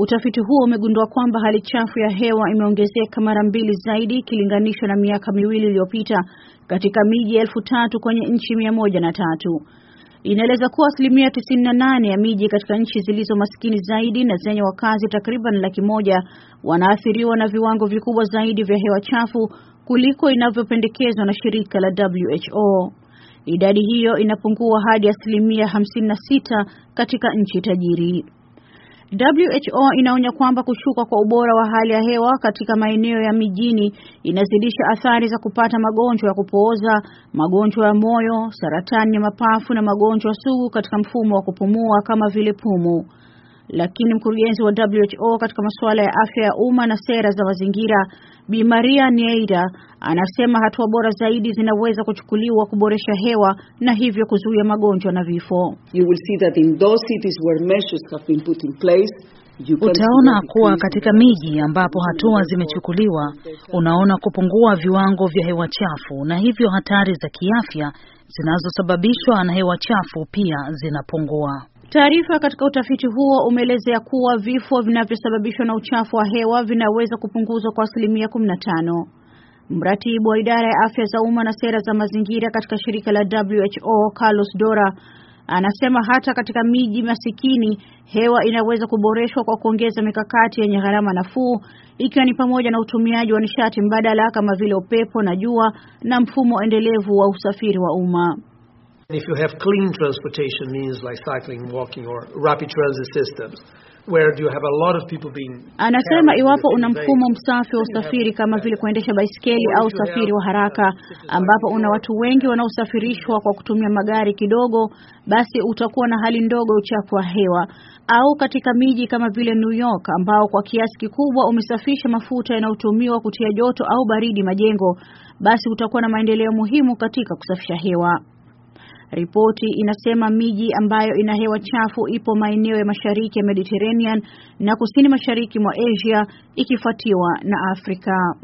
Utafiti huo umegundua kwamba hali chafu ya hewa imeongezeka mara mbili zaidi ikilinganishwa na miaka miwili iliyopita katika miji elfu tatu kwenye nchi mia moja na tatu. Inaeleza kuwa asilimia 98 ya miji katika nchi zilizo maskini zaidi na zenye wakazi takriban laki moja wanaathiriwa na viwango vikubwa zaidi vya hewa chafu kuliko inavyopendekezwa na shirika la WHO. Idadi hiyo inapungua hadi asilimia 56 katika nchi tajiri. WHO inaonya kwamba kushuka kwa ubora wa hali ya hewa katika maeneo ya mijini inazidisha athari za kupata magonjwa ya kupooza, magonjwa ya moyo, saratani ya mapafu na magonjwa sugu katika mfumo wa kupumua kama vile pumu. Lakini mkurugenzi wa WHO katika masuala ya afya ya umma na sera za mazingira Bi Maria Neira anasema hatua bora zaidi zinaweza kuchukuliwa kuboresha hewa na hivyo kuzuia magonjwa na vifo. You will see that in those cities where measures have been put in place Utaona kuwa katika miji ambapo hatua zimechukuliwa, unaona kupungua viwango vya hewa chafu na hivyo hatari za kiafya zinazosababishwa na hewa chafu pia zinapungua. Taarifa katika utafiti huo umeelezea kuwa vifo vinavyosababishwa na uchafu wa hewa vinaweza kupunguzwa kwa asilimia 15. Mratibu wa idara ya afya za umma na sera za mazingira katika shirika la WHO Carlos Dora anasema hata katika miji masikini hewa inaweza kuboreshwa kwa kuongeza mikakati yenye gharama nafuu, ikiwa ni pamoja na utumiaji wa nishati mbadala kama vile upepo na jua na mfumo endelevu wa usafiri wa umma if you have clean transportation means like cycling, walking or rapid transit systems Where you have a lot of people being anasema, ah, iwapo una mfumo msafi wa usafiri kama vile kuendesha baisikeli au usafiri wa haraka, uh, ambapo una watu wengi wanaosafirishwa kwa kutumia magari kidogo, basi utakuwa na hali ndogo uchafu wa hewa, au katika miji kama vile New York ambao kwa kiasi kikubwa umesafisha mafuta yanayotumiwa kutia joto au baridi majengo, basi utakuwa na maendeleo muhimu katika kusafisha hewa. Ripoti inasema miji ambayo ina hewa chafu ipo maeneo ya mashariki ya Mediterranean na kusini mashariki mwa Asia ikifuatiwa na Afrika.